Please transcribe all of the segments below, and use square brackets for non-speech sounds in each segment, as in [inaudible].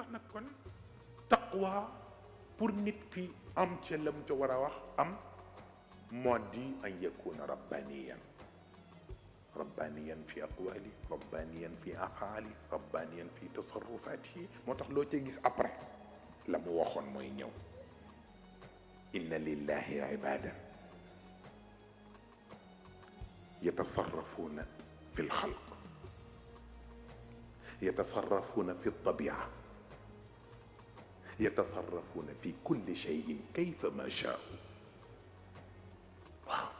tax nag kon taqwa pour nit ki am ca la mu ca war a wax am moo di an yakuna rabbaniyan rabbaniyan fi aqwali rabbaniyan fi aqaali rabbaniyan fi tasarrufati moo tax loo cee gis après la mu waxoon mooy ñëw inna lillahi ibadan yatasarrafuuna fi lxalq yatasarrafuuna fi ltabiaa yatasarrafuuna fi kulli cheyin kayfa ma chaau waaw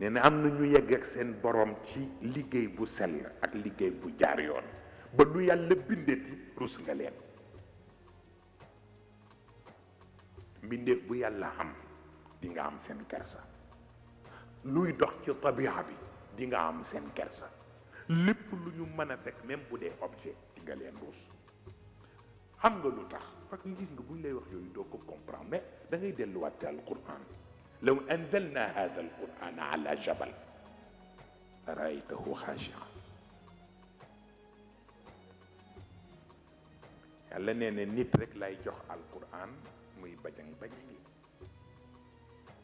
nee na am na ñu yegg ak seen boroom ci liggéey bu sell ak liggéey bu jaar yoon ba lu yàlla bindeti rus nga leen mbindeef bu yàlla am di nga am seen kersa luy dox ci tabixa bi di nga am seen kersa lépp lu ñu mën a fekk même bu dee objet di leen rus xam nga lu tax parce que gis nga buñ lay wax yooyu doo ko comprendre mais da ngay delluwaat ci alquran law anzalna hada alquran ala jabal raaytahu xaashian yàlla nee nit rek lay jox alquran muy bajang bajang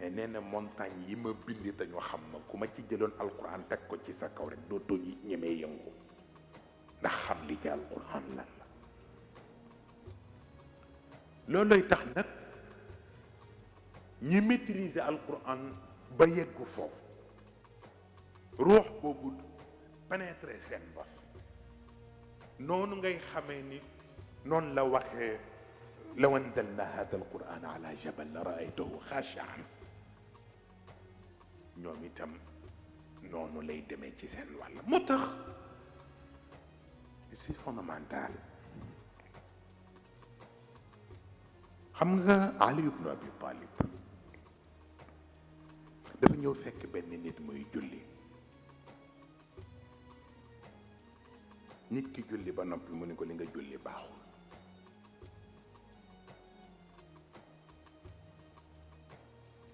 yi montagne yi ma bind dañu xam ma ku ci jëloon alquran teg ko ci sa kaw rek dootoo ñi ñemee yëngu ndax xam li ci alquran lan لولاي تخ نك ني ميتريزي القران با يغو فوف روح بوبوت بانيتري سين باس نونو غاي خامي ني نون لا وخه لو انزلنا هذا القران على جبل لرايته خاشعا نيومي تام نونو لاي ديمي سي سين والا موتاخ سي فوندامنتال xam nga Aliyu ibnu Abi Talib dafa ñëw fekk benn nit muy julli nit ki julli ba noppi mu ni ko li nga julli baaxul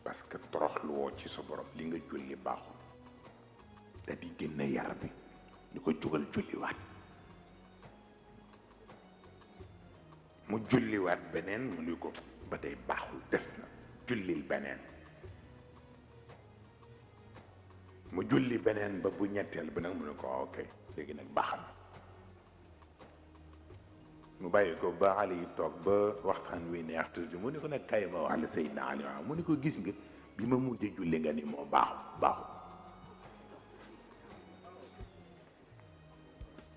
parce que toroxlu woo ci sa borom li nga julli baaxul da di génn yar bi ni ko jugal julli waat mu julli wat benen mu ni ko batay baxul def na julli benen mu julli benen ba bu ñettel bi nak mu ni ko ok legi nak baax na mu baye ko ba ali tok ba waxtan wi neex tu mu ni ko nak kay ba wax la Ali mu ni ko gis nga bi ma je julli nga ni mo bax bax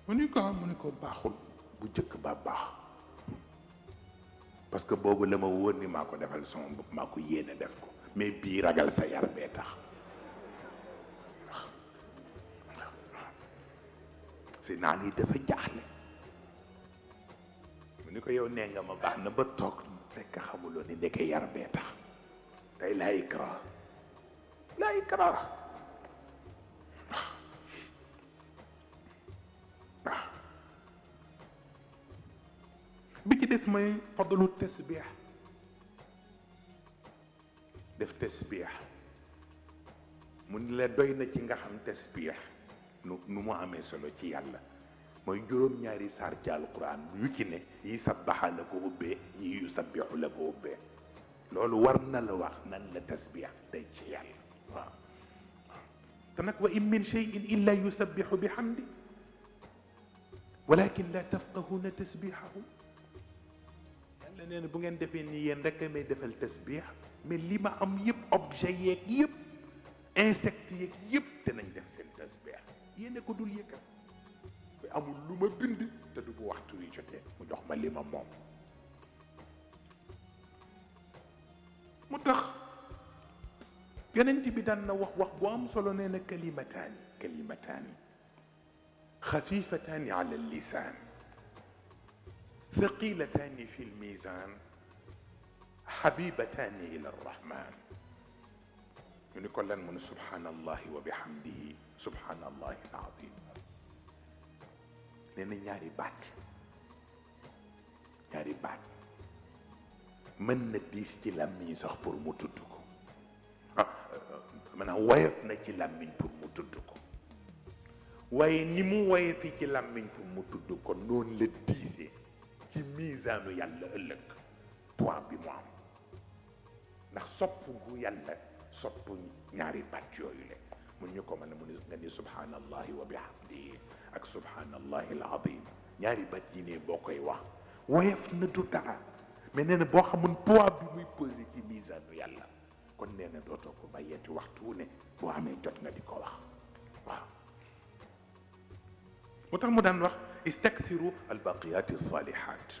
mu ni ko mu ni ko baxul bu jëk ba baax parce que boobu la ma wóor ni maa ko defal sama bopp maa ko yéene def ko mais bii ragal sa yar bee tax si naan yi dafa jaaxle mu ni ko yow nee nga ma baax na ba toog fekk xamuloo ni ndeke yar tey laa ikra laa ikra اسمه فضل التسبيح def tesbiix mu ni la doy na ci nga xam tesbiix nu nu mu amee solo ci yàlla mooy juróom-ñaari saar ci alquran yu ci ne yi sabbaxa la ko ubbee yi yu sabbixu la ko ubbee loolu war na la wax nan la tesbiix day ci yàlla waaw te nag wa in min cheyin illa yusabbixu bihamdi walakin la tafqahuna tesbiixahum nee na bu ngeen defee nii yéen rek may defal tasbiix mais li ma am yëpp objet yeeg yëpp insectes yeeg yëpp danañ def seen tasbiix yéen ko dul yëkkat mais amul lu ma bind te du bu waxtu wi jotee mu jox ma li ma moom mu tax yonent bi daan na wax wax bu am solo nee na kalimataani kalimataani xafifataani ala lisaan ثقيلتان في الميزان حبيبتان الى الرحمن ونقول من سبحان الله وبحمده سبحان الله العظيم لان ياري بات ياري بات من نديس كي لامي زهبر متدكو آه، من هوايف نكي لامين بر متدكو waye ni mu waye fi ci lammiñ fu mu tudd kon noonu la diisee ci miisaanu yàlla ëllëg tuwaab bi mu am ndax sopp gu yàlla sopp ñaari baat yooyu le mun ñu ko mën a mu nga ni subhaanallahi wa bihamdihi ak subhaanallahi alazim ñaari baat yi ne boo koy wax woyof na du dara mais nee na boo xamul poids bi muy posé ci miisaanu yàlla kon nee na dootoo ko bàyyeeti waxtu wu ne boo amee jot nga di ko wax waaw moo tax mu daan wax استكثروا الباقيات الصالحات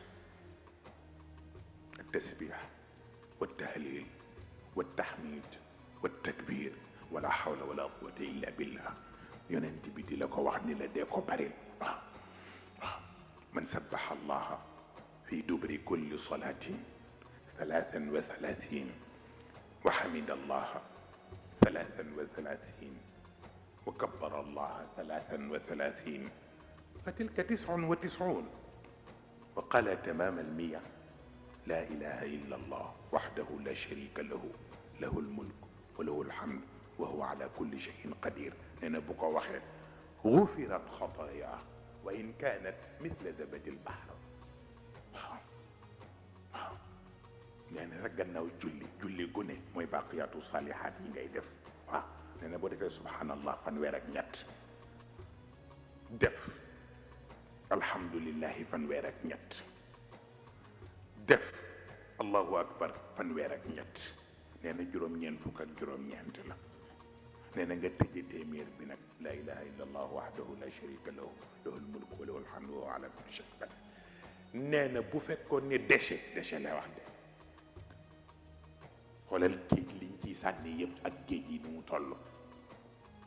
التسبيح والتهليل والتحميد والتكبير ولا حول ولا قوة إلا بالله يننتي بدي لك وحدي لديك برين آه. آه. من سبح الله في دبر كل صلاة ثلاثا وثلاثين وحمد الله ثلاثا وثلاثين وكبر الله ثلاثا وثلاثين فتلك تسع وتسعون وقال تمام المية لا إله إلا الله وحده لا شريك له له الملك وله الحمد وهو على كل شيء قدير لنا بقى واحد غفرت خطاياه وإن كانت مثل زبد البحر لأن رجلنا وجلي جلي جنة ما باقيات الصالحات إن يدف آه، لأن بقول سبحان الله فنورك نت دف. alhamdulilah fanweer ak ñett def allahu akbar fanweer ak ñett nee na juróom-ñeent fukk ak juróom-ñeent la nee na nga tëje téeméer bi nag laa ilaha illa allah wahdahu la sharika lahu lahul mulku wa lahul hamdu wa ala kulli shay'in qadir nee na bu fekkoon ne déchet déchet lay wax de xoolal géej liñ ciy sànni yëpp ak géej yi ni mu toll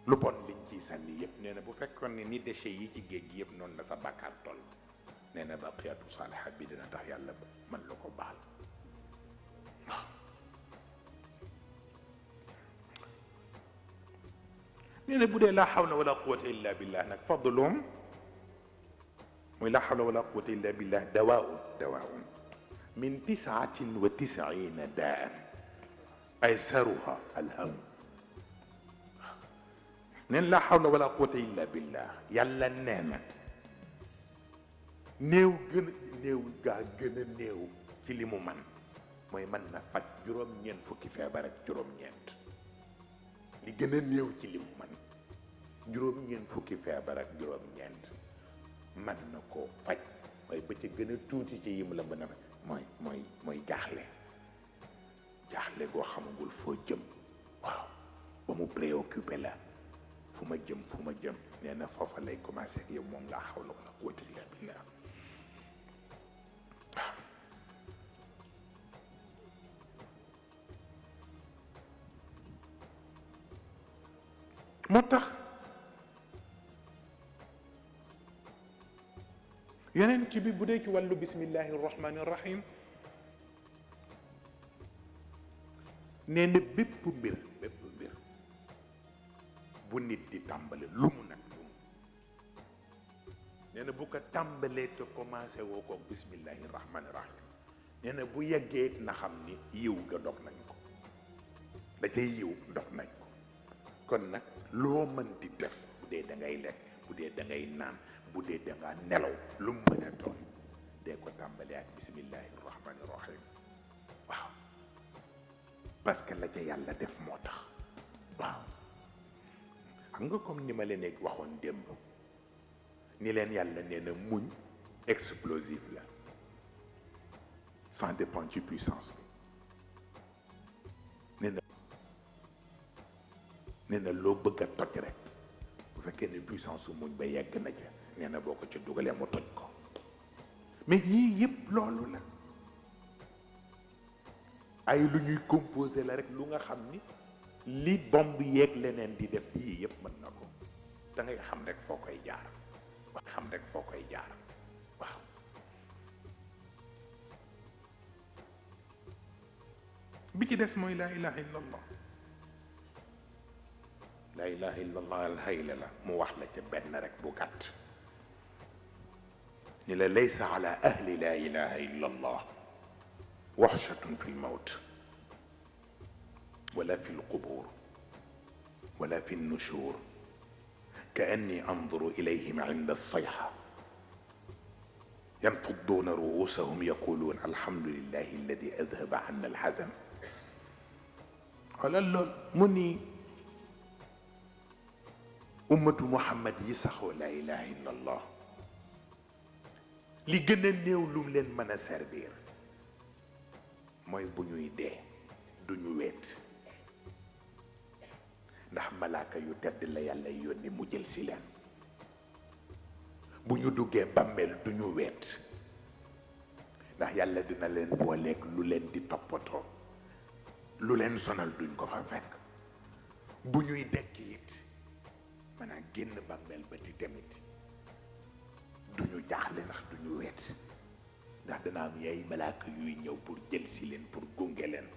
lu bon liñ ciy sànni yëpp nee na bu fekkoon ne ni déchets yi ci géej gi yëpp noonu la sa bàkkaar toll nee na baqiyatu saaliha bi dina tax yàlla man la ko baal nee na bu dee laa xawla wala quwata illa billah nag fadlum muy la hawla wala quwata illa billah dawaaun dawaaun min tisaatin wa tisiina daan aysaruha alham نن لا حول ولا قوة إلا بالله يلا نانا نيو جن نيو جا جن نيو كلي مومن موي من نفات جروم نين فوكي فيبارة جروم نين لي جن نيو كلي مومن جروم نين فوكي فيبارة جروم نين من نكو فات موي بتي جن توتي جي يملا بنا موي موي موي جاهلة جاهلة غو خامو غول فوجم واو بمو بريوكيبلا واو fu ma jëm fu ma jëm nee na foofa lay commencé ak yow moom laa xawla wala quwwata illa billah moo tax yeneen ci bi bu dee ci wàllu bismillahi rahmani rahim nee na bépp mbir bu nit di tàmbale lu mu nag lu mu nee bu ko tàmbalee te commencé woo ko bismillahi rahmani rahim bu yeggee na xam ni yiw ga dog nañ ko da cay yiw dog nañ ko kon nag loo mën di def bu dee dangay lekk bu dee da naan bu dee da nelaw lu mu mën a doon dee ko tàmbalee ak bismillahi rahmani waaw parce que la ca yàlla def moo tax waaw xam nga comme ni ma leen waxone démb ni len yalla nee na muñ explosive la sans dépendre puissance bi nee lo bëgg toj rek bu fekké ne puissance su muñ ba yegg na ci nee boko ci ko mu toj ko mais yi yépp loolu la ay lu ñuy la rek lu nga xam ni li bomb yek leneen di def yii yep man nako da ngay xam rek fokay jaar jaar xam rek fokay jaar waaw bi ci dess moy la ilaha illallah la ilaha illallah al alhayla la mu wax la ci ben rek bu gàtt ni la laysa ala ahli la ilaha illallah وحشة في الموت ولا في القبور ولا في النشور كأني أنظر إليهم عند الصيحة ينفضون رؤوسهم يقولون الحمد لله الذي أذهب عنا الحزن قال له مني أمة محمد يسخو لا إله إلا الله li gën a néew lum leen mën a servir ndax malaaka yu tedd la yàlla yónni mu jël si leen bu ñu duggee bàmmeel duñu ñu weet ndax yàlla dina leen booleeg lu leen di toppatoo lu leen sonal duñ ko fa fekk bu ñuy dekk it maanaam génn bàmmeel ba di tamit du ndax du weet ndax dana am yay malaaka yuy ñëw pour jël si leen pour gunge leen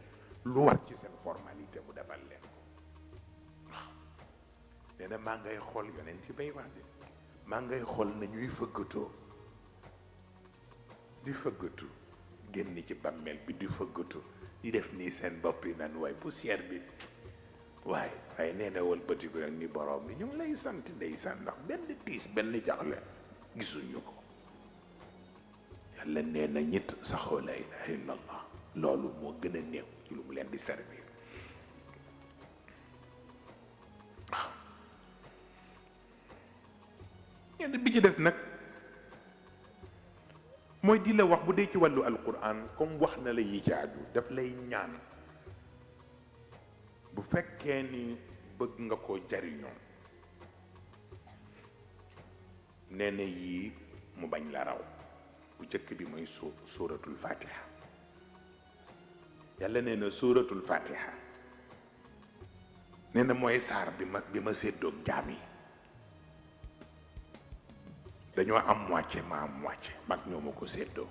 lu war ci seen formalité mu defal leen nee na maa ngay xool yonent ci bay wax de maa ngay xool na ñuy fëggatoo di fëggatu génn ci bàmmeel bi di fëggatu di def nii seen bopp yi naan waaye poussière bi waaye waaye nee na wëlbatiku nag ni borom bi ñu ngi lay sant san ndax benn tiis benn jaxle gisuñu ko yàlla nee na ñett saxoo la ilaha illallah loolu moo gën a néew ci lu mu leen di servi ñenn bi ci des nag mooy di la wax bu dee ci wàllu alquran comme wax na la yi ci aju daf lay ñaan bu fekkee ni bëgg nga ko jariñoo nee yii mu bañ la raw bu jëkk bi mooy su suuratul fatiha yàlla nee suuratul fatiha nee na mooy saar bi ma bi ma séddoog jaam yi dañu am moitié ma am moitié mak ñomako seddo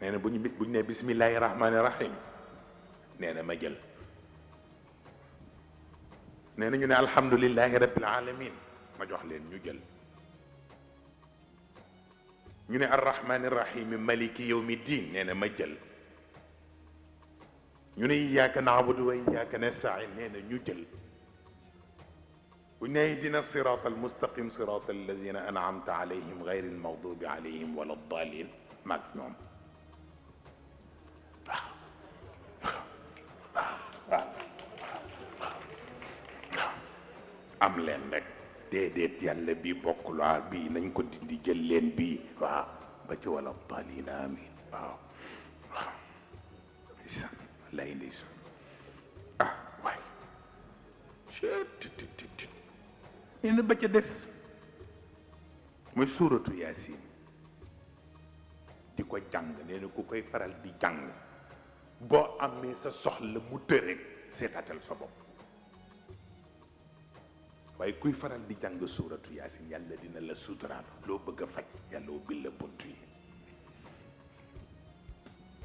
neena buñu bit buñu ne bismillahir rahmanir rahim neena ma jël neena ñu ne alhamdulillahi rabbil alamin ma jox leen ñu jël ñu ne arrahmanir rahim maliki yawmiddin neena ma jël ñu ne iyyaka na'budu wa iyyaka nastain neena ñu jël وان يهدنا الصراط المستقيم صراط الذين انعمت عليهم غير المغضوب عليهم ولا الضالين مجنون am len rek dedet yàlla bi bokkul waa bi nañ ko dindi jël len bi wa ba ci wala daalin amin wa isa lay ndeysaan ah way waay nee na ba ca des mooy suuratu yaasin di ko jàng nee ku koy faral di jàng boo amee sa soxla mu tëreg seetaatal sa bopp waaye kuy faral di jàng suuratu yaasin yàlla dina la suturaal loo bëgg a faj yàlla ubbil la bunt yi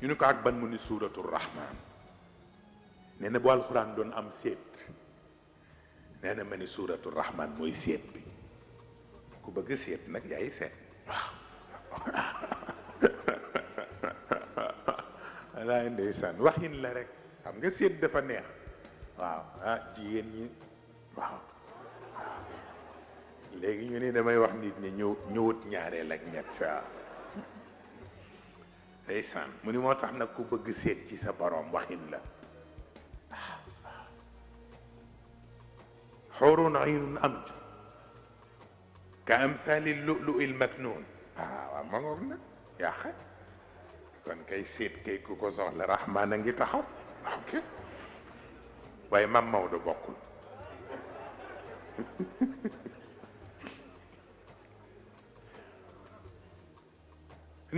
ñu ne ko ak ban mu ni suuratu rahmaan nee bu alxuraan doon am seet nee na ma ni suuratu rahman mooy seet bi ku bëgg seet nag yaay seet waaw [laughs] laay ndeysaan waxin la rek xam nga seet dafa neex waaw ah jigéen ñi waaw léegi ñu ne damay wax nit ñi ñëw ñëwut ñaareel ak ñett waaw ndeysaan mu ni moo tax nag ku bëgg seet ci sa boroom waxin la حور عين أمج كأمثال اللؤلؤ المكنون أمرنا آه، يا أخي كان كي سيد كيكو كوزون لرحمن نجي تحط أوكي وإمام مودو بقول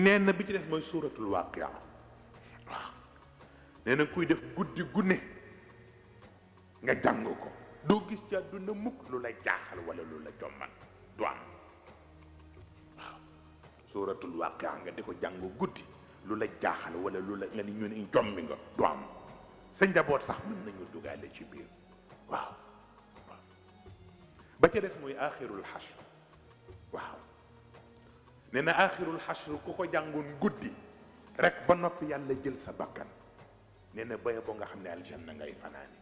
nee na bi ci des mooy suuratul waaqia waaw nee na doo gis ci àdduna mukk lu la jaaxal wala lu la jommal du am suuratul waaqia nga di ko jàng guddi lu la jaaxal wala lu la nga ni ñu ne jommi nga du am sa njaboot sax mën nañu dugaale ci biir waaw waaw ba ca des muy axirul xashr waaw nee na axirul ku ko jàngoon guddi rek ba noppi yàlla jël sa bakkan nee na baya boo nga xam ne aljanna ngay fanaani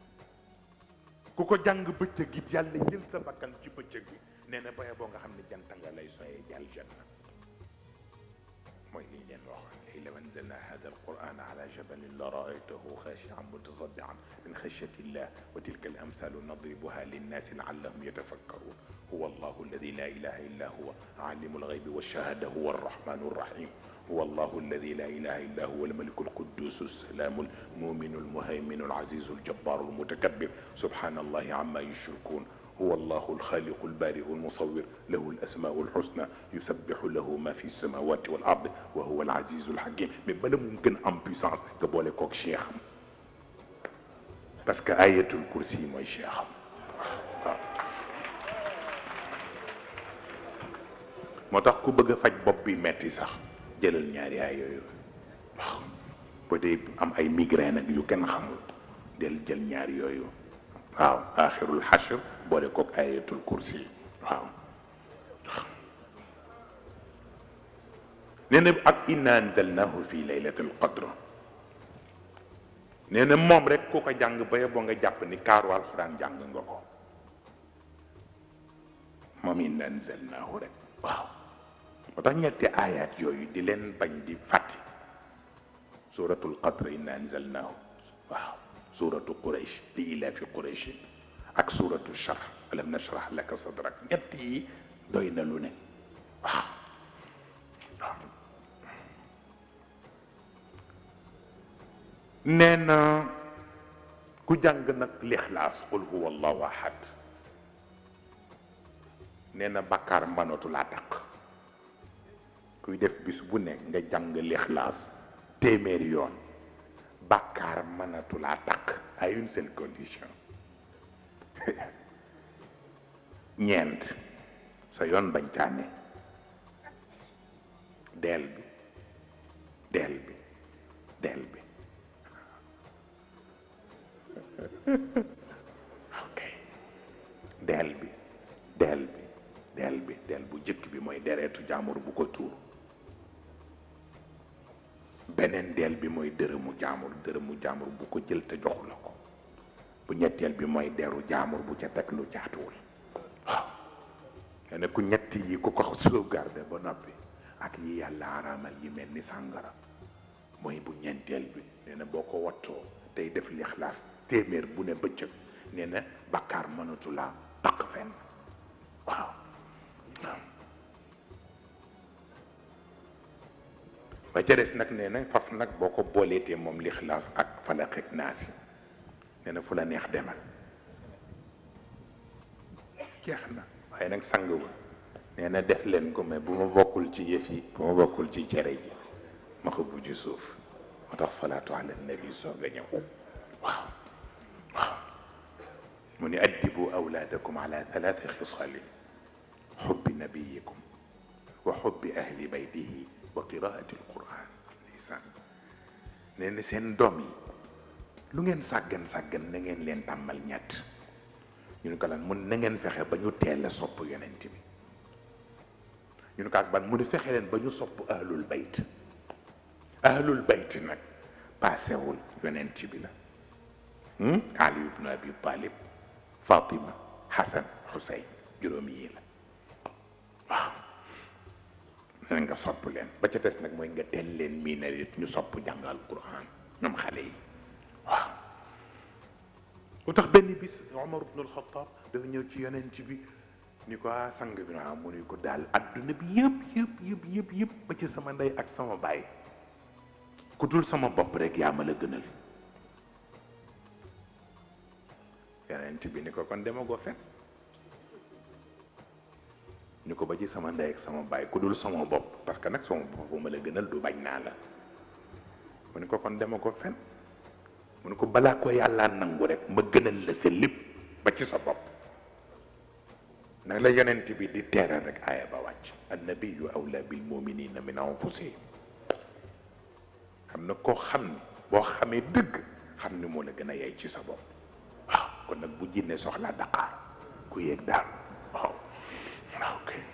kuko jàng bëccëg gi yàlla jël sa bakkan ci bëccëg gi neena baye bo nga xamni ne janta nga lay soye jàll janna moy li ñu wax waxoon law anzalna hada alquran ala jabal la raaytahu khashi'an mutasaddian min khashyati llah wa tilka alamthalu nadribuha lin nas laallahum yatafakkarun huwa allahu alladi la ilaha illa huwa alimu algaybi walshahada huwa arrahmanu arrahim هو الله الذي لا اله الا هو الملك القدوس السلام المؤمن المهيمن العزيز الجبار المتكبر سبحان الله عما يشركون هو الله الخالق البارئ المصور له الاسماء الحسنى يسبح له ما في السماوات والارض وهو العزيز الحكيم mais بلا ممكن ان بيسانس كبوليكوك boole kook cheikh الكرسي parce que ما kursi yi mooy cheikh am waaw ku bëgg faj bi metti sax jëlal ñaari aay yooyu waaw ba am ay migraine ak yu kenn xamul del jël ñaar yooyu waaw aaxirul xashr boole kook ayatul kursi waaw nee na ak inna anzalnahu fi laylatil qadr nee na moom rek ku ko jàng ba boo nga jàpp ni kaaru alxuraan jàng nga ko moom inna anzalnahu rek waaw وتنيت آيات يوي دلن بن دي فاتي سورة القدر إن أنزلناه سورة قريش ديلا في قريش أك سورة الشرح ولم نشرح لك صدرك نيتي دوين لوني واو نينا كو جانغ نك الاخلاص قل هو الله احد نينا بكار مانوتو لا kuy def bis bu nekk nga jang l'ikhlas téeméeri yoon bàkkaar mënatulaa tak ay une seule condition [laughs] ñent sa yoon bañ tané del bi del bi del bi [laughs] okay del bi jamur bi del bi del bu bi moy deretu bu ko tour beneen deel bi mooy dërëmu jaamur dërëmu jaamur bu ko jël te joxu la ko bu ñetteel bi mooy deru jaamur bu ca teg lu jaatuwul waaw ne ku ñetti yi ku ko sauvegarde ba noppi ak yi yàlla araamal yi mel ni sàngara mooy bu ñeenteel bi nee na boo ko wattoo tey def lixlaas téeméer bu ne bëccëg nee na bakkaar mënatu laa fenn waaw ba ca des nag nee na faf nag boo ko booleetee moom li xilaas ak falaq ak naas yi nee na fu la neex demal jeex na waaye nag sang ba nee na def leen ko mais bu ma bokkul ci yëf yi bu ma bokkul ci jere ji ma ko bujj suuf moo tax salaatu ala nabi soog a ñëw waaw waaw mu ni addibu awlaadakum ala thalaati xisaali xubbi nabiyikum wa xubbi ahli baytihi wa qiraati alquran ndeysaan nee na seen doom yi lu ngeen sàggan sàggan na ngeen leen tàmmal ñett ñu ne ko lan mun na ngeen fexe ba ñu teel a sopp yonent bi ñu ne ko ak ban mu ne fexe leen ba ñu sopp ahlul bayt ahlul bayt nag paasewul yonent bi la hmm? ali ibnu abi talib fatima hasan husayn juróom yi la waaw na nga sopp leen ba ca des nag mooy nga teel leen mii na ñu sopp jàngal Qur'an ñoom xale yi waaw lu tax benn bis Omar ibn al-Khattab dafa ñëw ci bi ni ko ah, sang bi naa ah, mu ni ko daal adduna bi yëpp yëpp yëpp ba ci sama ndey ak sama baay ku dul sama bopp rek yaa ma la gënal yonent bi ni ko kon demagoo fenn ni ko ba ci sama ndey ak sama baay ku dul sama bopp parce que nag sama bopp bu ma la gënal du bañ naa la mu ne ko kon dema ko fen mu ne ko balaa ko yàlla nangu rek ma gënal la sa lépp ba ci sa bopp nag la yonent bi di teeral rek aaya ba wàcc annabiyu awla bil muminina min anfusihim xam na koo xam ne boo xamee dëgg xam ni moo la gën a yey ci sa bopp waaw kon nag bu jinne soxlaa daqaar ku yéeg daal Okay.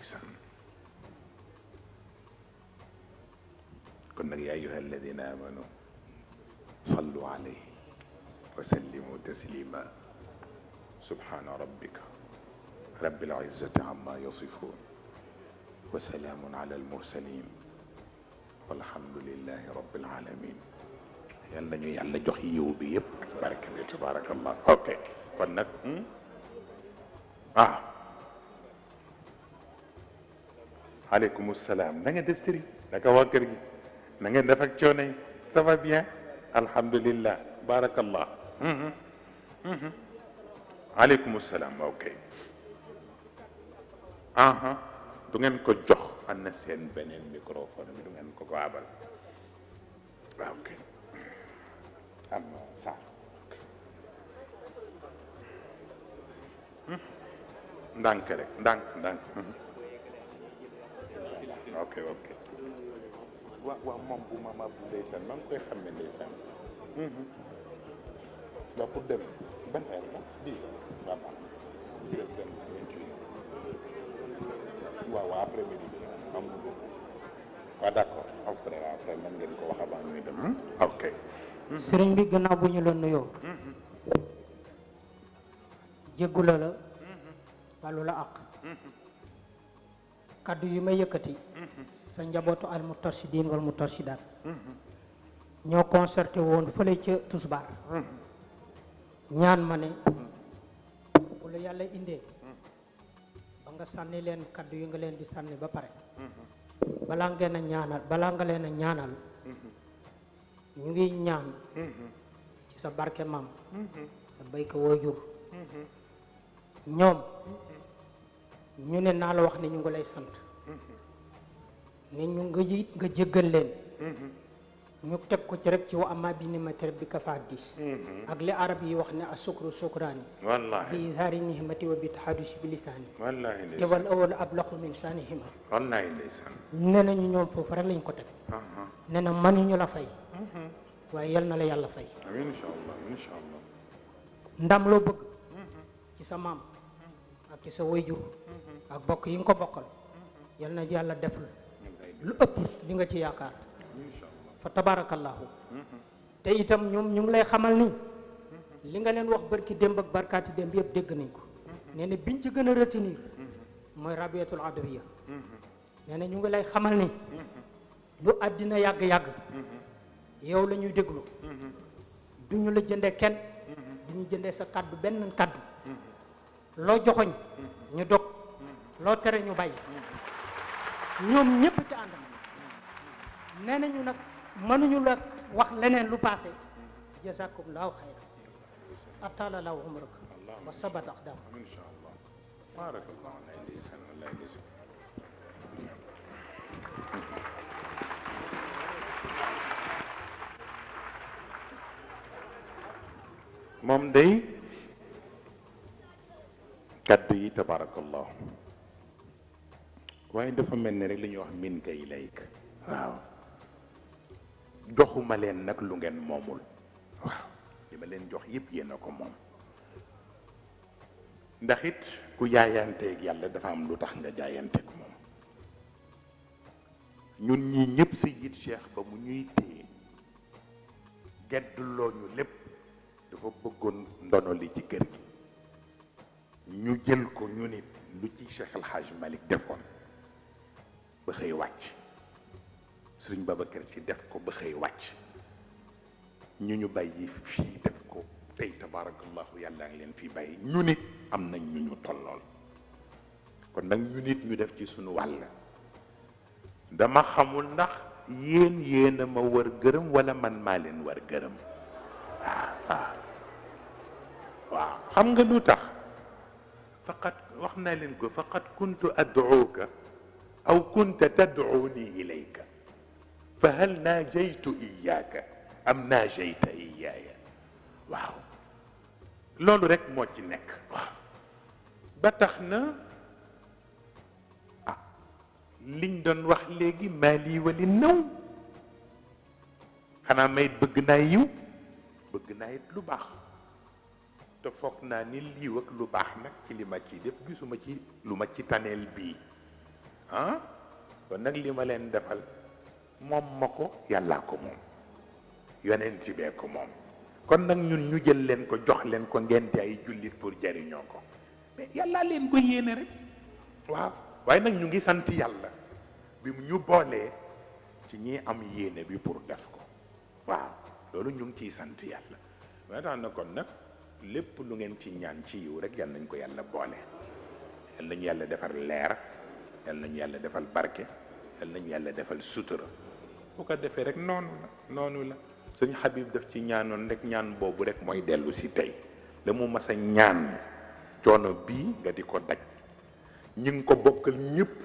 حسن يا أيها الذين آمنوا صلوا عليه وسلموا تسليما سبحان ربك رب العزة عما يصفون وسلام على المرسلين والحمد لله رب العالمين yàlla يلا yàlla jox yiw الله تبارك الله اوكي قلنا اه عليكم السلام نجا نعم، دستري نجا نعم، واكري نجا نعم، دفكتوني سافا بيان الحمد لله بارك الله عليكم السلام اوكي اها دونين كو ان سين بنين ميكروفون دونين كو اوكي اما صح دانك لك دانك دانك ok ok waaw waaw moom bu ma maa bu ndeysaan maa ngi koy xàmme ndeysaan waaw mhm. pour dem ban heure la dix heures waaw après midi am waaw ah, d'accord après après mën dem hmm? ok mhm. sëriñ bi gannaaw bu ñu la nuyoo mhm. jéggula la balu la ak kaddu yu ya may mhm. yëkkati sa njabootu al mutarsidin wal mutarsidaat ñoo mhm. concerté woon fële ca Tusbar mhm. ñaan ma ne bu la yàlla indee ba nga sànni leen kaddu yu nga leen di sànni ba pare bala ngeen a ñaanal bala nga leen a ñaanal ñu ngi ñaan ci sa barke sa bay ko ñoom ñu ne naa la wax ne ñu ngi lay sant ne ñu nga ji nga jéggal leen ñu teg ko ci rek ci wa amma bi ni ma terab bi ka faa gis ak li arab yi wax ne a sukru sukraani wallaahi wa bi tahadusi bi lisaani wallaahi te wal awal ablaqu min saanihima wallaahi ndeysaan nee nañu ñoom foofu rek lañ ko teg uh-huh. nee na mënuñu la fay uh-huh. waaye yal na la yàlla fay ndam loo bëgg uh-huh. ci sa maam ak ci sa wayjur mm-hmm. ak bokk yi nga ko bokkal mm-hmm. yalla na yalla def lu ëpp li nga ci yaakaar fa tabarakallahu mm-hmm. te itam ñoom ñu lay xamal ni li nga leen wax barki demb ak barkati demb yëpp dégg nañ ko neena biñ ci gëna retini moy rabiatul adawiya neena ñu ngi lay xamal ni lu adina yag yag yow lañuy ñuy déglu duñu la jëndee kenn duñu ñu sa kaddu benn kaddu loo joxoñ ñu dog loo tere ñu bàyyi ñoom ñëpp ci ànd nee nañu nag mënuñu la wax leneen lu paase jazakum laahu xayra atala laahu umrak wa sabat aqdam moom day kaddu yi tabarakallah waaye dafa mel ni rek li ñuy wax min kay layk waaw joxuma leen nag lu ngeen moomul waaw li ma leen jox yëpp yéen a ko moom ndax it ku jaayanteeg yàlla dafa am lu tax nga jaayanteeg moom ñun ñi ñëpp si yit cheikh ba mu ñuy téye gedduloo ñu lépp dafa bëggoon ndono li ci kër gi ñu jël ko ñu nit lu ci Cheikh El Hadj Malick defoon ba xëy wàcc sëriñ Babacar si def ko ba xëy wàcc ñu ñu bàyyi fii def ko tey tabarakallahu yàlla ngi leen fii bàyyi ñu nit am nañ ñu ñu tollool kon nag ñu nit ñu def ci suñu wàll dama xamul ndax yéen yéen a ma war gërëm wala man maa leen war gërëm waaw waaw waaw xam nga lu tax فقد رحنا لنقول فقد كنت أدعوك أو كنت تدعوني إليك فهل ناجيت إياك أم ناجيت إياي واو لولو ريك موتي نك باتخنا لين دون واخ لغي مالي ولي نو خنا مايت بغنا يو بغنا لو باخ te foog naa ni lii lu baax nag ci li ma ci def gisuma ci lu ma ci taneel bii ah kon nag li ma leen defal moom ma ko yàllaa ko moom yonent bee ko moom kon nag ñun ñu jël leen ko jox leen ko ngeen di ay jullit pour jariñoo ko yàllaa leen ko yéene rek waaw waaye nag ñu ngi sant yàlla bi mu ñu boolee ci ñi am yéene bi pour def ko waaw loolu ñu ciy sant yàlla waaye tax na kon nag lépp lu ngeen ci ñaan ci yiw rek yal nañ ko yàlla boole yal nañu yàlla defal leer yal nañu yàlla defal barke yal nañu yàlla defal sutura bu ko defee rek noonu la noonu la suñ Habib daf ci ñaanoon rek ñaan boobu rek mooy dellu si tey la mu mas ñaan coono bii nga di ko daj ñi ngi ko bokkal ñëpp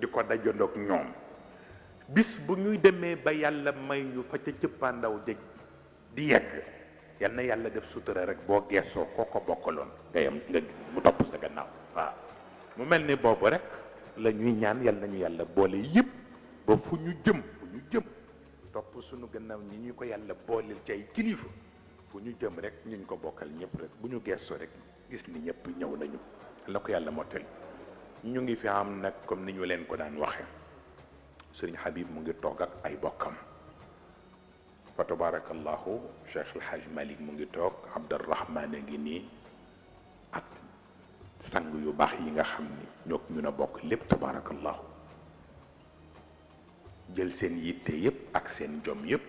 di ko dajandoog ñoom bis bu ñuy demee ba yàlla may ñu fa ca cëppaandaw jëj di yegg yal na yàlla def sutura rek boo geesoo koo ko bokkaloon nga yam nga mu topp sa gannaaw waaw mu mel ni boobu rek la ñuy ñaan yal nañu yàlla boole yëpp ba fu ñu jëm fu ñu jëm topp suñu gannaaw ñi ñu ko yàlla booleel ci ay kilifa fu ñu jëm rek ñu ko bokkal ñëpp rek bu ñu geesoo rek gis ni ñëpp ñëw nañu la ko yàlla mottali ñu ngi fi am nag comme ni ñu leen ko daan waxee sëriñ Habib mu ngi toog ak ay bokkam فتبارك الله شيخ الحاج مالك مونغي توك عبد الرحمن غيني ات سانغ يو باخ ييغا خامني نيوك نونا بوك ليب تبارك الله جيل سين ييتي ييب اك سين جوم ييب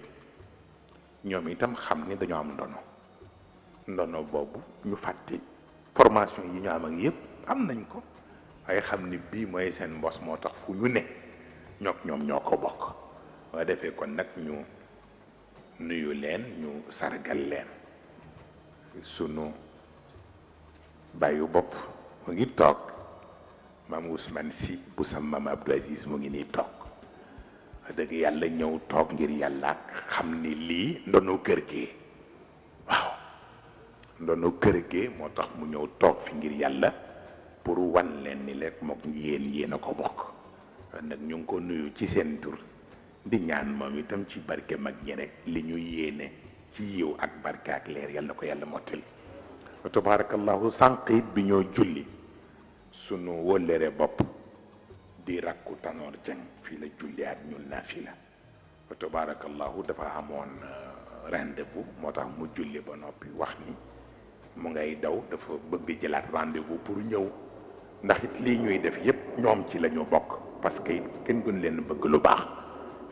نيوم ايتام خامني دانيو ام ندونو ندونو بوبو ني فاتي فورماسيون يي نيو ام اك ييب ام نانكو اي خامني بي موي سين بوس موتاخ فو يو ني نيوك نيوم نيوكو بوك وا ديفي كون نك نيو nuyu len ñu sargal len sunu bayu bop mo ngi tok mam Ousmane si bu sam mam Abdou Aziz mo ngi ni tok deug yalla ñew tok ngir yalla ak xam ni lii ndonu kër gi waaw ndono kër gi moo mu ñew tok fi ngir yalla pour wan len ni lek mok yéen yeenako bok nak ñu ko nuyu ci sen tour di ñaan moom itam ci barke mag ñi li ñu yéene ci yiw ak barke ak leer yal na ko yàlla mottali wa tabaarakallahu sànq bi ñoo julli sunu wëllëre bopp di rakku tanoor jang fii la julli ak ñun naa fii la wa dafa amoon euh, rendez moo tax mu julli ba noppi wax ni mu ngay daw dafa bëgg jëlaat rendez pour ñëw ndax it lii ñuy def yépp ñoom ci lañu bokk parce que kenn gën leen bëgg lu baax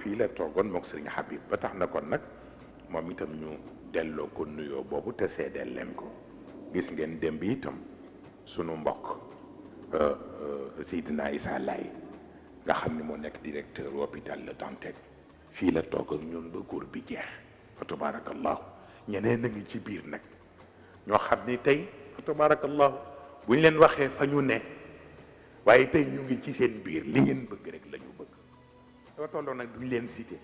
fii la toogoon mook sëriñ Habib ba tax na kon nag moom itam ñu delloo ko nuyoo boobu te seedeel leen ko gis ngeen démb itam sunu mbokk Seydina Issa Laye nga xam ne moo nekk directeur hôpital Le Dantec fii la toog ak ñun ba góor bi jeex fa tabarakallahu ñeneen a ngi ci biir nag ñoo xam ni tey fa tabarakallahu buñ leen waxee fa ñu ne waaye tey ñu ngi ci seen biir li ngeen bëgg rek la ñu bëgg soo tolloo nag duñ leen cité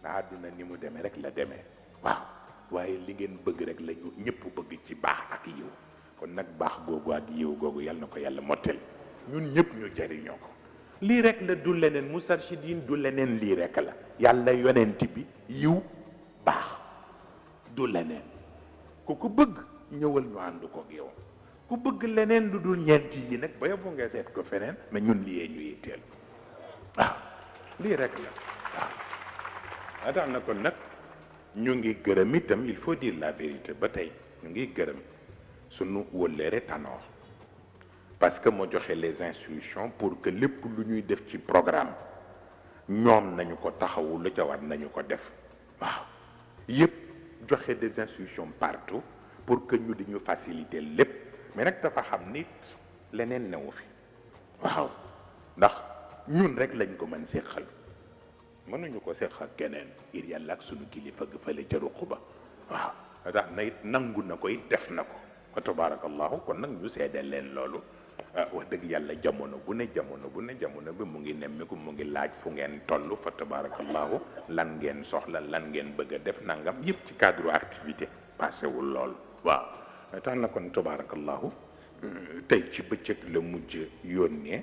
ndax àdduna ni mu demee rek la deme waaw waaye li ngeen bëgg rek la ñu bëgg ci baax ak yiw kon nag baax googu ak yiw googu yàlla na ko yàlla motteel ñun ñëpp ñu jëriñoo ko lii rek la du leneen Moustarchidine du leneen lii rek la yàlla yonent bi yiw baax du leneen ku ko bëgg ñëwal ñu ànd ko yow ku bëgg leneen lu dul ñeenti yi nag ba yóbbu nga seet ko feneen mais ñun liyee ñu yitteel waaw lii rek la waaw tax na kon nag ñu ngi gërëm itam il faut dire la vérité ba tey ñu ngi gërëm sunu wëllëre Tanor parce que moo joxe les instructions pour que lépp lu ñuy def ci programme ñoom nañu ko taxawu lu ca war nañu ko def waaw yëpp joxe des instructions partout pour que ñu di ñu faciliter lépp mais nag dafa xam nit leneen newu fi waaw ndax ñun rek lañ ko mën séqal mënuñu ko séqal keneen ngir yàlla ak sunu kilifa ga fële ca ruq ba waaw ndax na it nangu na koy def na ko wa tabarakallahu kon nag ñu seede leen loolu ah, wax dëgg yàlla jamono bu ne jamono bu ne jamono bi mu ngi nemmiku mu ngi laaj fu ngeen toll fa tabarakallahu lan ngeen soxla lan ngeen bëgg a def nangam yëpp ci cadre activité passé wul loolu waaw tax na kon tabarakallahu euh, tey ci bëccëg la mujj yónnee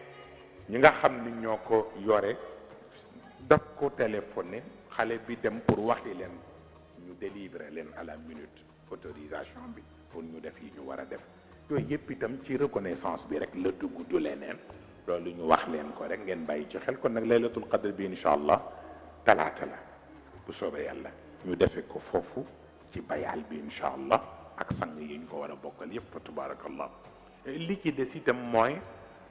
ñi nga xam ni yore daf ko téléphoné xale bi dem pour waxi len ñu délivrer len à la minute autorisation bi pour ñu def yi ñu wara def yooyu yëpp itam ci reconnaissance bi rek la dugg du leneen loolu ñu wax len ko rek ngeen bàyyi ci xel kon nak laylatul qadr bi inshallah talata la bu soobé yàlla ñu defe ko fofu ci bayal bi inshallah ak sang yi ñu ko wara bokkal yëpp tabarakallah li ci des itam moy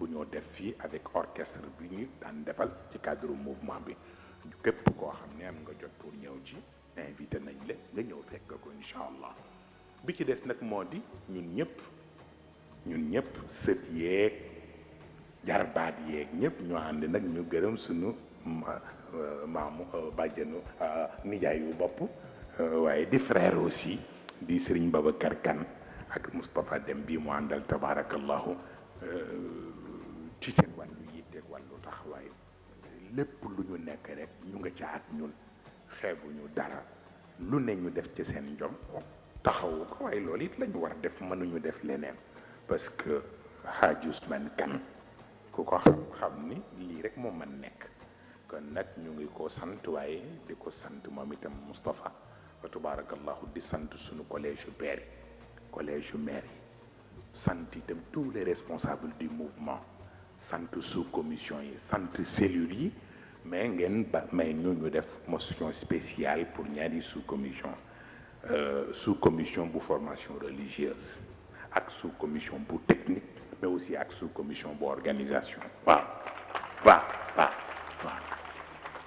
bu ñoo def fii avec orchestre bi ñu daan defal ci cadre mouvement bi képp koo xam ne am nga jot pour ñëw ci invité nañ la nga ñëw fekk ko incha allah bi ci des nag moo di ñun ñëpp ñun ñëpp sët yeeg jarbaat yeeg ñëpp ñoo ànd nag ñu gërëm suñu euh, maamu euh, bàjjanu euh, nijaayu bopp waaye di frère aussi di Serigne Babacar Kane ak Moustapha Dem bii mu àndal tabaarakallahu ci seen wàllu yitteeg wàllu taxawaay lépp lu ñu nekk rek ñu nga ca ak ñun xeebuñu dara lu ne ñu def ci seen njom taxawu ko waaye loolu it lañu war def mënuñu def leneen parce que Hadj Ousmane Kane ku ko xamni li rek mo man nekk kon nak ñu ngi ko sant waye di ko sant moom itam Moustapha wa tabarakallah di sant suñu collège père collège mère maire sant itam tous les responsables du mouvement sant sous-commission et centre cellules mais nous ba may ñu ñu motion spéciale pour les sous-commission euh, sous-commission pour formation religieuse ak sous-commission pour technique mais aussi ak sous-commission pour organisation Wa, wa, wa. waaw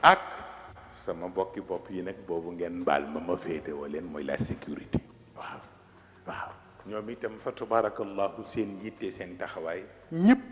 ak sama bokki bopp yi de boobu ngeen baal ma ma féetewoo leen mooy la sécurité waaw waaw ñoom itam fa tabarakallahu seen yitte seen taxawaay ñëpp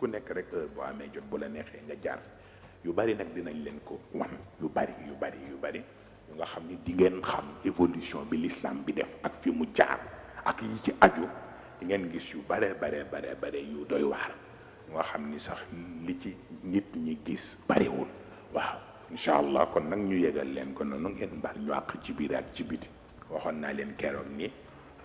ku nekk rek euh, boo amee jot bu la neexee nga jaar yu bari nag dinañ leen ko wan yu bari yu bari yu bari yu nga xam ni di ngeen xam évolution bi l'islam bi def ak fi mu jaar ak yi ci aju di ngeen gis yu bare bare bare bare yu doy waar yu nga xam ni sax li ci nit ñi gis bariwul waaw incha allah kon nag ñu yëgal leen ko noonu ngeen baal ñu àq ci biir ak ci biti waxoon naa leen keroog nii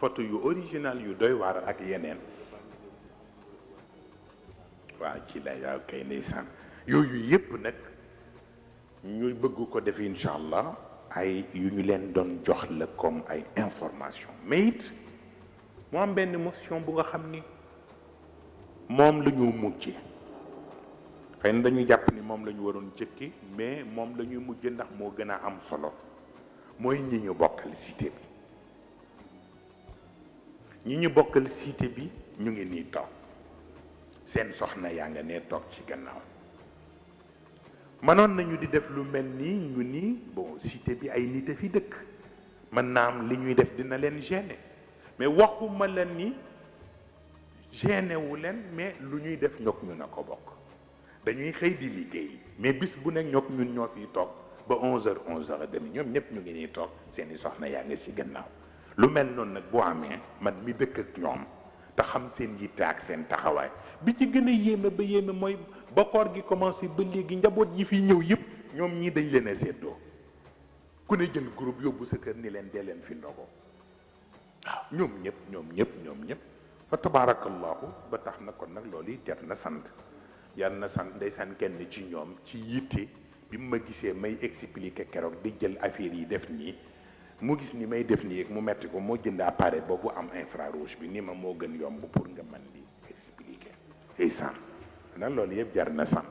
photo yu original yu doy war ak yenen wa ci la yaaw kay ndeysaan yoyu yep nak ñu bëgg ko def inshallah ay yu ñu leen doon jox la comme ay information mais it mu am benn motion bu nga xam ni moom la ñu mujje xëy na dañu jàpp ni moom la ñu waroon jëkki mais moom la ñuy mujje ndax moo gën a am solo mooy ñi ñu bokkal cité bi ñi ñu bokkal cité bi ñu ngi nii toog seen soxna yaa nga ne toog ci gannaaw mënoon nañu di def lu mel nii ñu nii bon cité bi ay nit a fi dëkk mën naa am li ñuy def dina leen gêner mais waxuma la ni gêner wu leen mais lu ñuy def ñoog ñu na ko bokk dañuy xëy di liggéey mais bis bu nekk ñoog ñu ñoo fiy toog ba 11h 11h30 ñoom ñëpp ñu ngi ñuy toog seeni soxna yaa nga ci gannaaw. lu mel noonu nag boo amee man mi dëkk ak ñoom te xam seen yitte ak seen taxawaay bi ci gën a yéeme ba yéeme mooy ba koor gi commencé ba léegi njaboot yi fi ñëw yëpp ñoom ñii dañ leen a séddoo ku ne jël groupe yóbbu sa kër ni leen dee leen fi ndogo waaw ñoom ñëpp ñoom ñëpp ñoom ñëpp fa tabaarakallaahu ba tax na kon nag loolu yi jar na sant yal na sant san kenn ci ñoom ci yitte bi mu ma gisee may expliqué keroog di jël affaire yi def nii mu gis ni may def nii mu metti ko moo jënd appareil boobu am infrarouge bi ni ma moo gën yomb pour nga man di expliquer ay sant nag loolu yëpp jar na sant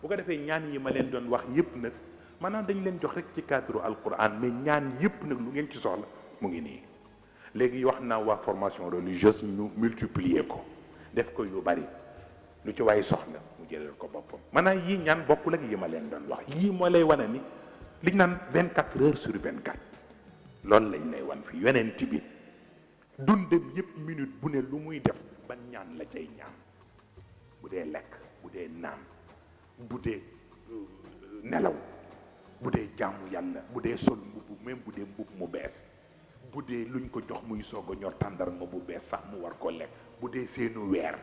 bu ko defee ñaan yi ma leen doon wax yëpp nag maanaam dañ leen jox rek ci cadre alquran mais ñaan yëpp nag lu ngeen ci soxla mu ngi nii léegi wax naa waa formation religieuse ñu multiplier ko def ko yu bari lu ci waaye soxla mu jëlal ko boppam maanaam yii ñaan bokkul ak yi ma leen doon wax yii moo lay wane ni liñ naan vingt quatre heures sur vingt loolu lañ lay wan fi yonent bi dundam yépp minute bu ne lu muy def ban ñaan la cay ñaan bu dee lekk bu dee naan bu dee euh, nelaw bu dee jaamu yàlla bu dee sol mbubb même bu dee mbubb mu bees bu dee luñ ko jox muy soog a ñor tàndarma bu bees sax mu war koo lekk bu dee seenu weer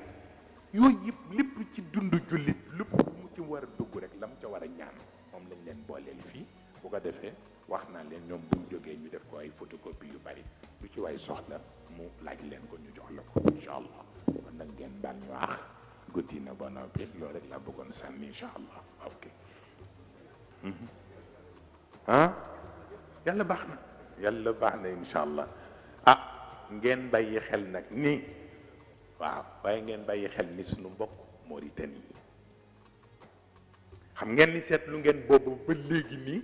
yooyu yëpp lépp ci dund jullit lépp mu ci war a dugg rek la mu ca war a ñaan moom lañ leen booleel fii bu ko defee waxna len ñom ñoom bu ñu def ko ay photocopie yu bari lu ci way soxla mu laaj len ko ñu jox la ko inshallah man kon gën ngeen ñu wax guddi na ba noppi loolu rek la bëggon sànni inshallah ok ha yàlla baxna yàlla baxna inshallah ah ngeen bàyyi xel nak ni waaw waaye ngeen bàyyi xel ni suñu mbokk Mauritanie xam ngeen ni set lu ngeen bobu ba legui ni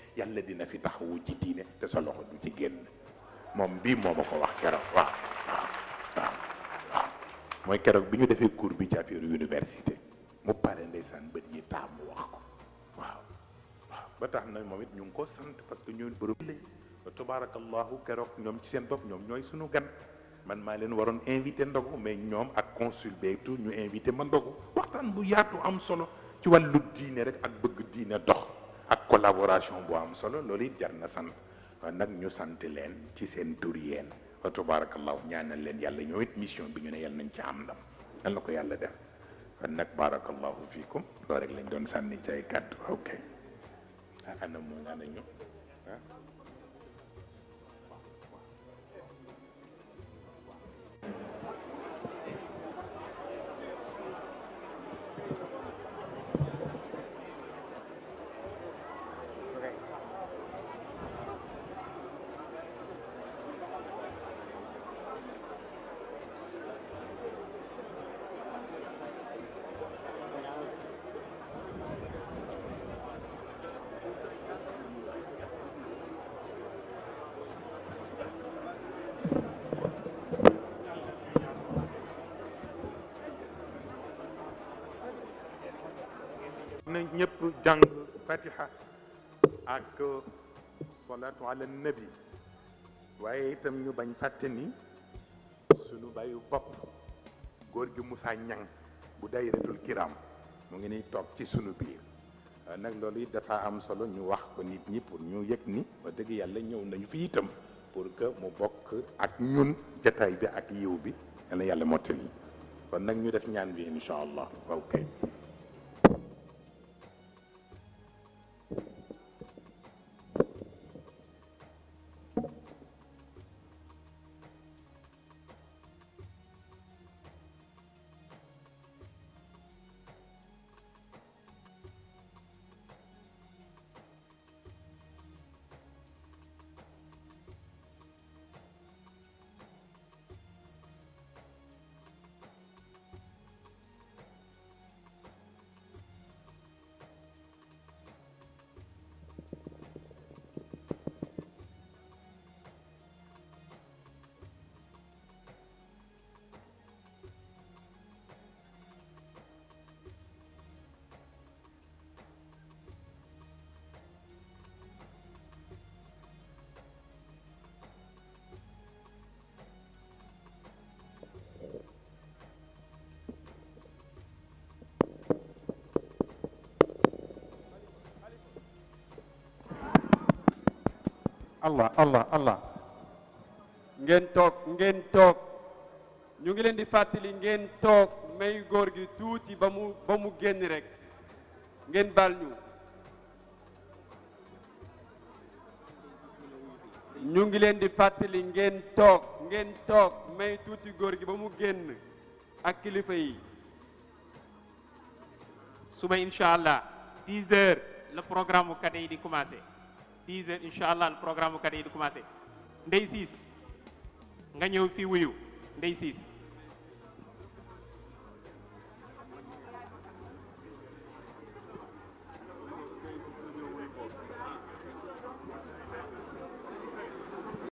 يالا دينا في تخو جي دينا تا سا لوخو دو تي ген موم بي موم كو واخ كيرو وا موي كيرو بي نيو ديفي كور بي تيافير يونيفرسيتي مو باري ندسان بيت ني تام واخ كو واو با تخ نا موميت نيو كو سانت باسكو نيو بروب لي تبارك الله كيرو نيوم سي سن بوب نيوم نوي سونو غان man ma len waron inviter ndogo mais ñom ak consul be tout ñu inviter man ndogo waxtan bu yaatu am solo ci walu diine rek ak bëgg diine dox ak collaboration boo am solo loolu it jar na sant nag ñu santi leen ci seen tur yeen wa tabarakallahu ñaanal leen yàlla ñoo it mission bi ñu ne yàlla nañ ci am ndam lan la ko yàlla def kon nag barakallahu fiikum loolu rek lañ doon sànni ci ay kàddu ok ah, ana mu ana ñu ah. surtout jàng fatiha ak salaatu ala nabi waaye itam ñu bañ fàtte ni suñu bàyyu bopp góor gi musaa Ñang bu dayratul kiram mu ngi ni toog ci sunu biir ah, nag loolu it dafa am solo ñu wax ko nit ñi pour ñu yëg ni wax dëgg yàlla ñëw nañu fi itam pour que mu bokk ak ñun jataay bi ak yiw bi yàlla yàlla mottali kon nag ñu def ñaan bi incha allah waaw allah allah allah ngeen toog ngeen toog ñu ngi leen di fàttali ngeen toog may góor gi tuuti ba mu ba mu génn rek ngeen baal ñu ñu ngi leen di fàttali ngeen toog ngeen toog may tuuti góor gi ba mu génn ak kilifa yi suba incha allah 10 heures le programme mu kade yi di commencé 10 heures incha allah programme kat yi di commencé ndey siis nga ñëw fii wuyu ndey siis